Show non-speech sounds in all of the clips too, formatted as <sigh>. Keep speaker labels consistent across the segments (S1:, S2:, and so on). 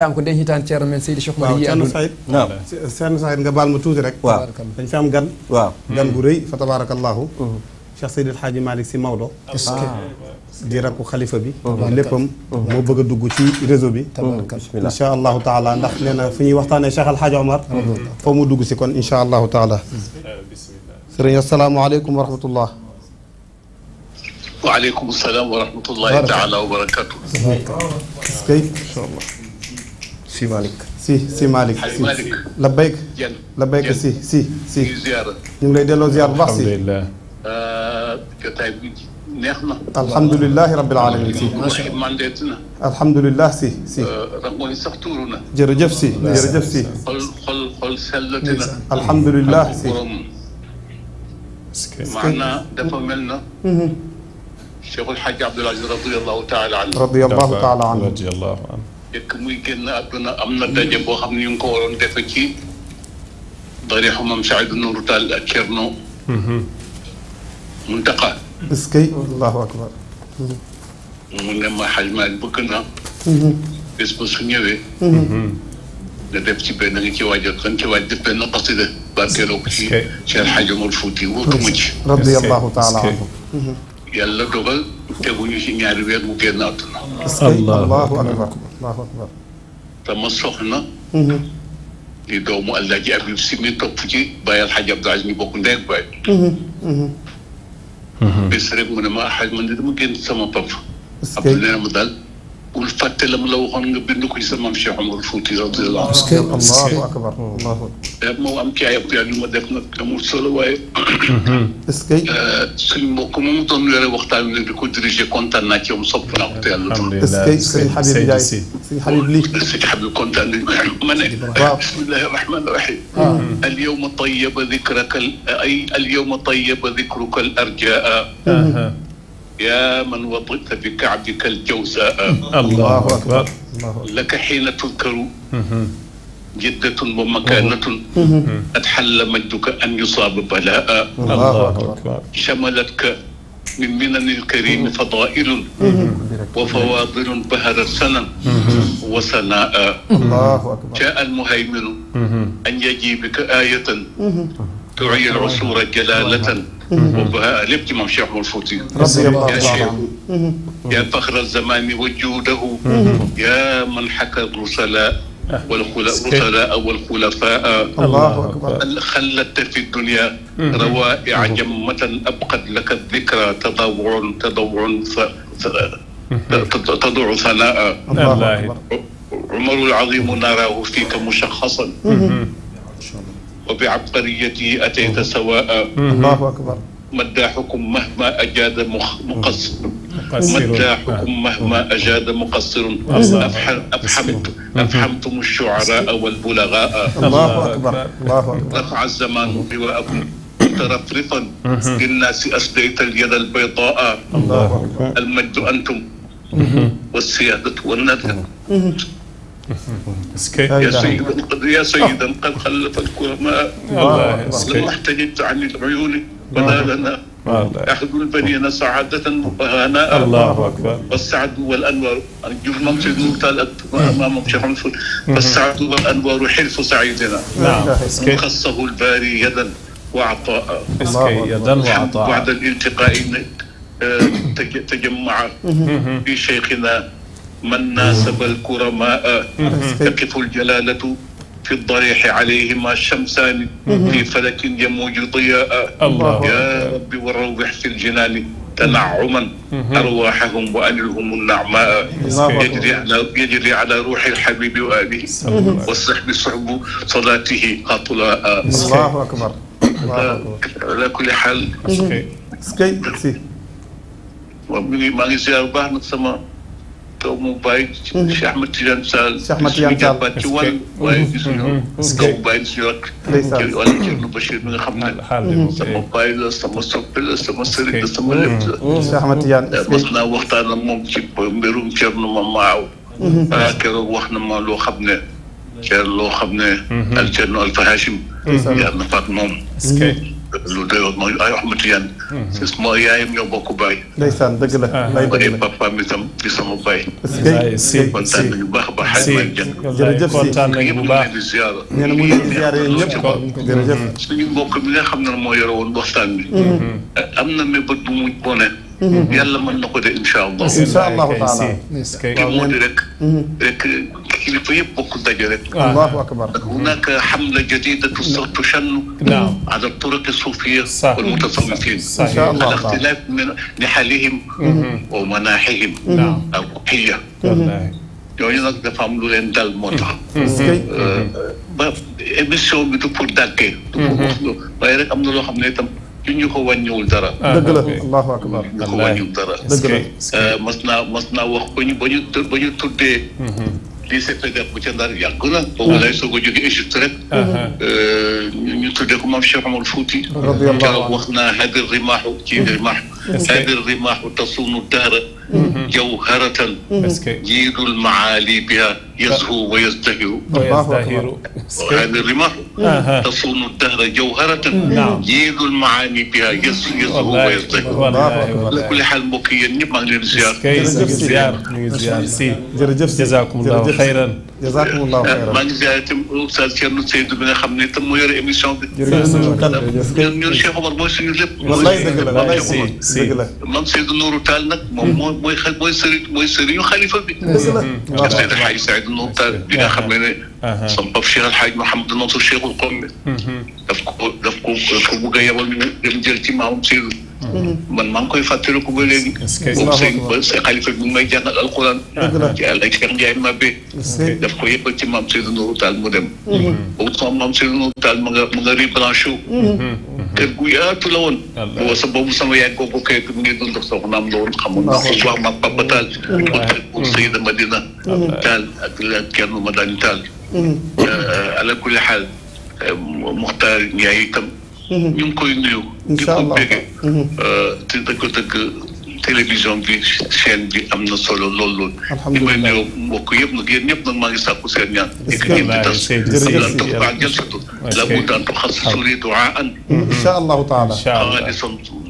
S1: am ko denc taan Thierno men Seydi Cheikh Mahi Thierno Saïd waaw Thierno Saïd nga baal ma tuuti rek waaw dañ fi am gan waaw gan bu rëy fa tabarakallahu Cheikh Seydi El Hadji Malick Sy Maodo di rakku xalifa bi léppam moo bëgg a dugg ci réseau bi insha allahu taala ndax nee na fi ñuy waxtaanee Cheikh El Hadji Omar foo mu dugg si kon insha allahu taala sëriñ asalaamaaleykum wa rahmatullah
S2: waaleykum salaam wa rahmatullahi taala wa barakatu
S1: سي مالك سي سي مالك سي لبيك لبيك سي سي سي زياره نغي ديلو زياره باخ سي
S2: الحمد لله الحمد
S1: لله رب العالمين الحمد لله سي سي
S2: ربوني سختورنا
S1: جرجف سي جرجف سي
S2: الحمد لله سي معنا دفا ملنا شيخ الحاج عبد العزيز رضي الله تعالى عنه رضي الله تعالى عنه
S3: رضي الله عنه
S2: jëkk muy génn àdduna am na daje boo xam ni ñu ngi ko waroon defe ci dari xamam Saïd Nourou Tall ak Cerno Muntaqa
S1: est-ce que allahu akbar mu ne ma xajmaal bëgg na bés ba su ñëwee
S2: nga def ci benn nga ci waajal kan ci waaj def benn xasida barkeeloo ko ci Cheikh Hadj Omar Fouti wóotuma ci radiyallahu taala anhu yàlla dogal tegu ci ñaari weer mu génn àdduna. allahu
S1: akbar allahu akbar sama soxna. di doomu Alaaji Abib Si mi topp ci Baye
S2: Alxaaj Abdou Aziz ñu bokk ndeeg baay. bés rek mu ne ma xaj man de dama génn sama papa. ab nee na mu daal. والفتى فات لو غن بن كل سما مشي عمر الفوتي رضي الله عنه الله اكبر الله اكبر ما هو امكي ايام يعني ما دقنا كمور سلوي اسكي آه، سلمكم مطن لا وقت على اللي كنت رجع كنت انا كيوم صبنا الحمد يعني. لله اسكي سي حبيب جاي سي حبيب لي آه، سي حبيب كنت انا بسم الله الرحمن الرحيم آه. اليوم طيب ذكرك اي اليوم طيب ذكرك الارجاء يا من وطئت بكعبك الجوزاء الله أكبر لك حين تذكر جدة ومكانة أتحل مجدك أن يصاب بلاء الله أكبر شملتك من منن الكريم فضائل وفواضل بهرت سنا وسناء الله اكبر جاء المهيمن أن يجيبك آية تعي العصور جلالة لبكم شيخ الفوتي رضي الله يا يا فخر الزمان وجوده يا من حكى الرسلاء أه. والرسلاء والخلفاء الله اكبر خلت في الدنيا روائع جمة ابقت لك الذكرى تضوع تضوع تضوع ثناء الله اكبر عمر العظيم نراه فيك مشخصا وبعبقريته أتيت سواء الله أكبر مداحكم مهما أجاد مقصر مداحكم مهما أجاد مقصر أفحمت
S1: أفحمتم
S2: الشعراء والبلغاء الله أكبر الله أكبر رفع الزمان لواءكم مترفرفا للناس أسديت اليد البيضاء الله أكبر المجد أنتم والسيادة والنذر
S1: يا سيدا
S2: نعم. قد يا سيدا قد خلفت ما والله احتجبت عن العيون نعم. ولا لنا أحد البنين سعادة وهناء الله أكبر والسعد والأنوار جملة ممتلئة أمام عنف فالسعد والأنوار حرف سعيدنا نعم خصه الباري يدا وعطاء يدا وعطاء بعد الالتقاء آه، تجمع في شيخنا من ناسب الكرماء <laughs> تقف الجلالة في الضريح عليهما شمسان في فلك يموج ضياء الله يا رب وروح في الجنان تنعما ارواحهم وانلهم النعماء يجري على يجري على روح الحبيب واله والصحب صحب صلاته هطلاء الله اكبر
S1: على كل حال سكي سكي
S2: ما يزيد زيار باه نسمع doomu bàyyi. Cheikh Ahmed Tidiane Sall. Cheikh Ahmed Tidiane Sall est ce que gis nga jàppaat ci wàllu. waaye gisuñu. est ce que doomu bàyyi gisuñu ak. ndeysaan wala Thierno Bachir mi nga xam ne. sama bàyyi la sama soppe la sama sëriñ la sama lépp la. Cheikh Ahmed Tidiane mas naa waxtaan ak moom ci mbirum Thierno ma maaw. ah keroog wax na ma loo xam ne. Thierno loo xam ne. al Thierno Alfa Hachim. yàlla na faat moom. lu doy woon mooy ay Ahmed Tidiane. Mhm. mooy yaayam ñoo bokk baay.
S1: ndeysaan dëgg la.
S2: Ah. lay dëgg la papaam itam di sama baay. si kontaan nañu baax a baax. si jërëjëf si kontaan nañu bu baax nee na mu ngi ziar yéen ñëpp jërëjëf. Mm-hmm. suñu mbokk mi nga xam ne moo yore woon waxtaan bi. Mm-hmm. Eh, am na mébét bu mu bone mm-hmm. yàlla mën na ko de incha allah. incha allah taala. te moo di rek. rek الله اكبر هناك حمله جديده ستشن نعم على الطرق الصوفيه صح. والمتصوفين صح. ان شاء الله على اختلاف من نحالهم ومناحهم نعم الروحيه ñooñu dafa am lu leen dal moo tax. ba émission bi du pour dàggee. du pour wax lu waaye rek am na loo xam ne itam du ñu ko wàññiwul dara. dëgg la
S1: allahu akbar. du ñu ko wàññiwul dara. dëgg la
S2: mas naa mas naa wax ba ñu ba ñu ba ñu tuddee. DCPD bu ca Ndar yàgg na. boobu lay soog a jóge Égypte rek. ñu tuddee ko moom Cheikh Omar Fouti. rabi wax naa hadir rimaaxu ci rimaax. hadir rimaaxu tasunu daara. جوهرة جيل المعالي بها يزهو ويزدهر ويزدهر وهذه الرمال آه. تصون الدهر جوهرة نعم. جيل المعالي بها يزهو ويزدهر لكل حال بكي النبع للزيار
S1: جزاكم الله خيرا جزاكم الله آه. خيرا ما
S2: نزيارت أستاذ شيرنو سيد بن خمني تمو يرى إميشان نرشيخ عمر بوش نزيب والله يزيق لك من سيد نور تالنك ممون mooy xel mooy sëriñ mooy sëriñu xalifa bi. dëgg la waaw Seydi El Hadji Saïd Nourou Tall bi nga xam ne ne. sama pap Cheikh El Hadj Mouhamadou Mansour Cheikhul Qawmi. daf ko daf ko daf ko bëgg a yabal ñu dem jël ci maamam Seydou. man maa ngi koy fàttaliku ba léegi. est-ce que boobu sëñ ba sa xalifa bi may jàngal alquran. dëgg la ci àll ak Cheikh Ndiaye Mabé. daf ko yëppal ci maam Seydou Nourou Tall mu dem. boobu sama maam Seydou Nourou Tall ma nga ma nga rebranché kër gu yaatu la woon. waaw sa boobu sama yaay kooku kër gi mu ngi dund soxnaam la woon xamoon naa ko bu baax ma Papa Tall. waaw Seyda Madina. Tall ak kenn ma daan Tall. Mm-hmm. Euh, ala kulli xaal euh, Muxtaar Njaay itam. Mm-hmm. ñu ngi koy nuyu. télévision bi chaîne bi am na solo loolu. alhamdulilah li may nuyoo mbokk yëpp nag yéen ñëpp nag maa ngi sàkku seen ñaan. la mu daan tuxal suri duaa an. incha allahu taala.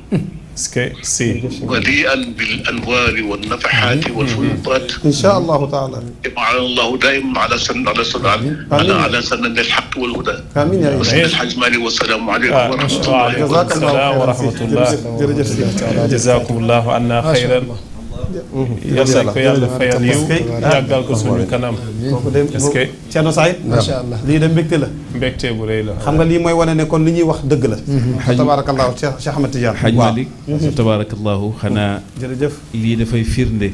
S2: <laughs> سكي سي مليئا بالانوار والنفحات والفيوضات ان شاء الله تعالى مع الله دائما على سنة على سنة على, على سنن الحق والهدى امين يا رب الحجماني والسلام عليكم آه، ورحمه الله وبركاته ورحمه الله
S1: جزاكم الله عنا خيرا yal ko yàlla fayal yiw yàggal ko suñu kanam est-ce que Thierno Saïd macha allah lii de mbégte la mbégte bu rëy la xam nga lii mooy wane ne kon li ñuy wax dëgg la tabaarakallaahu Cheikh Ahmed Tidiane xaj Malik
S3: tabaarakallaahu xanaa jërëjëf lii dafay firnde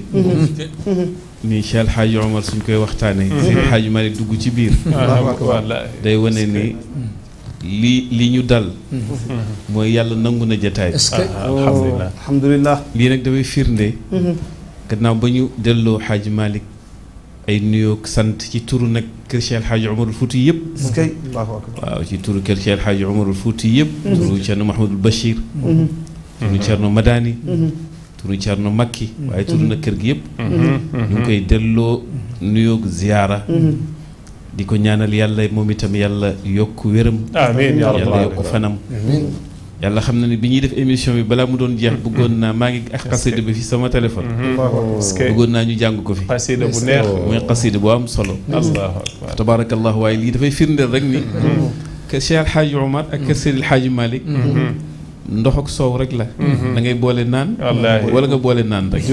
S3: ni Cheikh El Hadj Omar suñ koy waxtaanee seen Hadj Malik dugg ci biir day wane ni li li ñu dal. mooy yàlla nangu na jataay bi. est-ce que alhamdulilah alhamdulilah. lii nag dafay firnde. gannaaw ba ñu delloo xaaji Malick ay nuyoog sant ci turu nag kër Cheikh El Hadj Omarul Fouti yëpp. est-ce que waaw ci turu kër Cheikh El Hadj Omarul Fouti yëpp. turu Thierno Mahmoudou Bachir. turu Thierno Madani. turu Thierno Makki. waaye turu nag kër gi yëpp. ñu ngi koy delloo nuyoog ziyaara. diko ñaanal yàlla mom itam yàlla wërëm amin ya rabbal alamin yokk fanam amin yàlla xamna ni ne def émission bi bala mu doon jeex bëggoon na ma ngi ak xasida bi fi sama téléphone bëggoon na ñu jàng ko fi xasida bu neex mooy xasida bu am solo allahu akbar way li da fay firndeel rek ni ke Cheikh Alxaaji Omar ak kër Seydil Xaaji malik ndox ak soow rek la. da mhm. ngay boole naan. wala nga boole naan rek.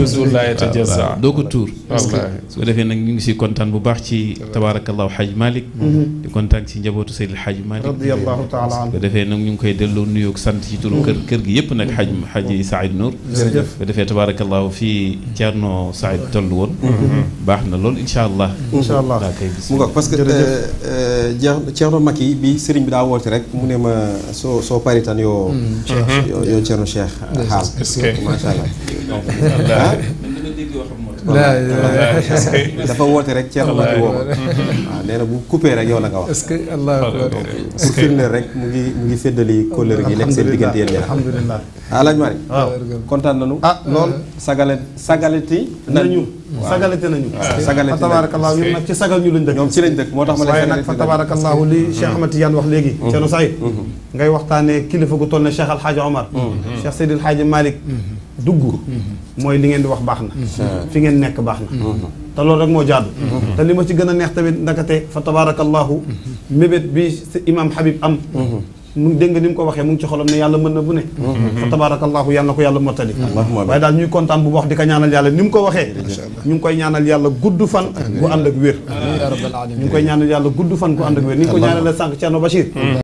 S3: doo ko tuur. parce que su ko defee nag ñu ngi si kontaan bu baax ci tabaarakallahu xaaj Malick. Mhm. di kontaan ci njabootu Seydil xaaj Malick. radiyallahu taala su ko defee nag ñu ngi koy delloo nuyoog sant ci turu kër gi yëpp nag xaaj xaaji mhm. Saïd Nour. jërëjëf su ko defee tabaarakallahu fii Thierno Saïd toll woon. baax na lool incha allah. incha allah daa koy gis. mu ngoog
S1: parce que euh, euh, Thierno Macky bi sëriñ bi daa woote rek mu ne ma soo soo paritan yoo. yow yow Thierno Cheikh xaal macha allah <laughs> dafa woote rek ceer la woo waaw nee bu coupé rek yow la nga wax. est-ce que allah pour rek mu ngi mu ngi séddali kóllëre gi nekk seen diggante yéen ñaar alhamdulilah alaaj Mari waaw kontaan nañu ah lool sagale euh, sagaleti nañu sagalete nañu sagalete ah, fa tabarakallah ñun nag ci sagal ñu lañ dëkk ñoom ci lañ dëkk moo tax ma waaye nag fa tabarakallahu li Cheikh mm-hmm. Ahmad Tidiane wax léegi mm-hmm. Thierno Saïd mm-hmm. ngay waxtaanee kilifa gu toll ne Cheikh Alhaaji Omar Cheikh Seydil Haaji dugg mooy li ngeen di wax baax na mhm. fi ngeen nekk baax na mhm. te loolu rek moo jaadu mhm. te li ma ci gën a neex tamit ndakate fa tabarakallahu mébét bi imam Habib am mu dégg nga ni mu ko waxee mu ngi ci xolam ne yàlla mën na bu ne fa tabarakallahu yàlla na ko yàlla mottali waaye daal ñuy kontaan bu wax di ko ñaanal yàlla ni mu ko waxee ñu ngi koy ñaanal yàlla gudd fan gu ànd ak wér ñu ngi koy ñaanal yàlla gudd fan gu ànd ak wér ni ñu ko ñaanale sànq Thierno Bachir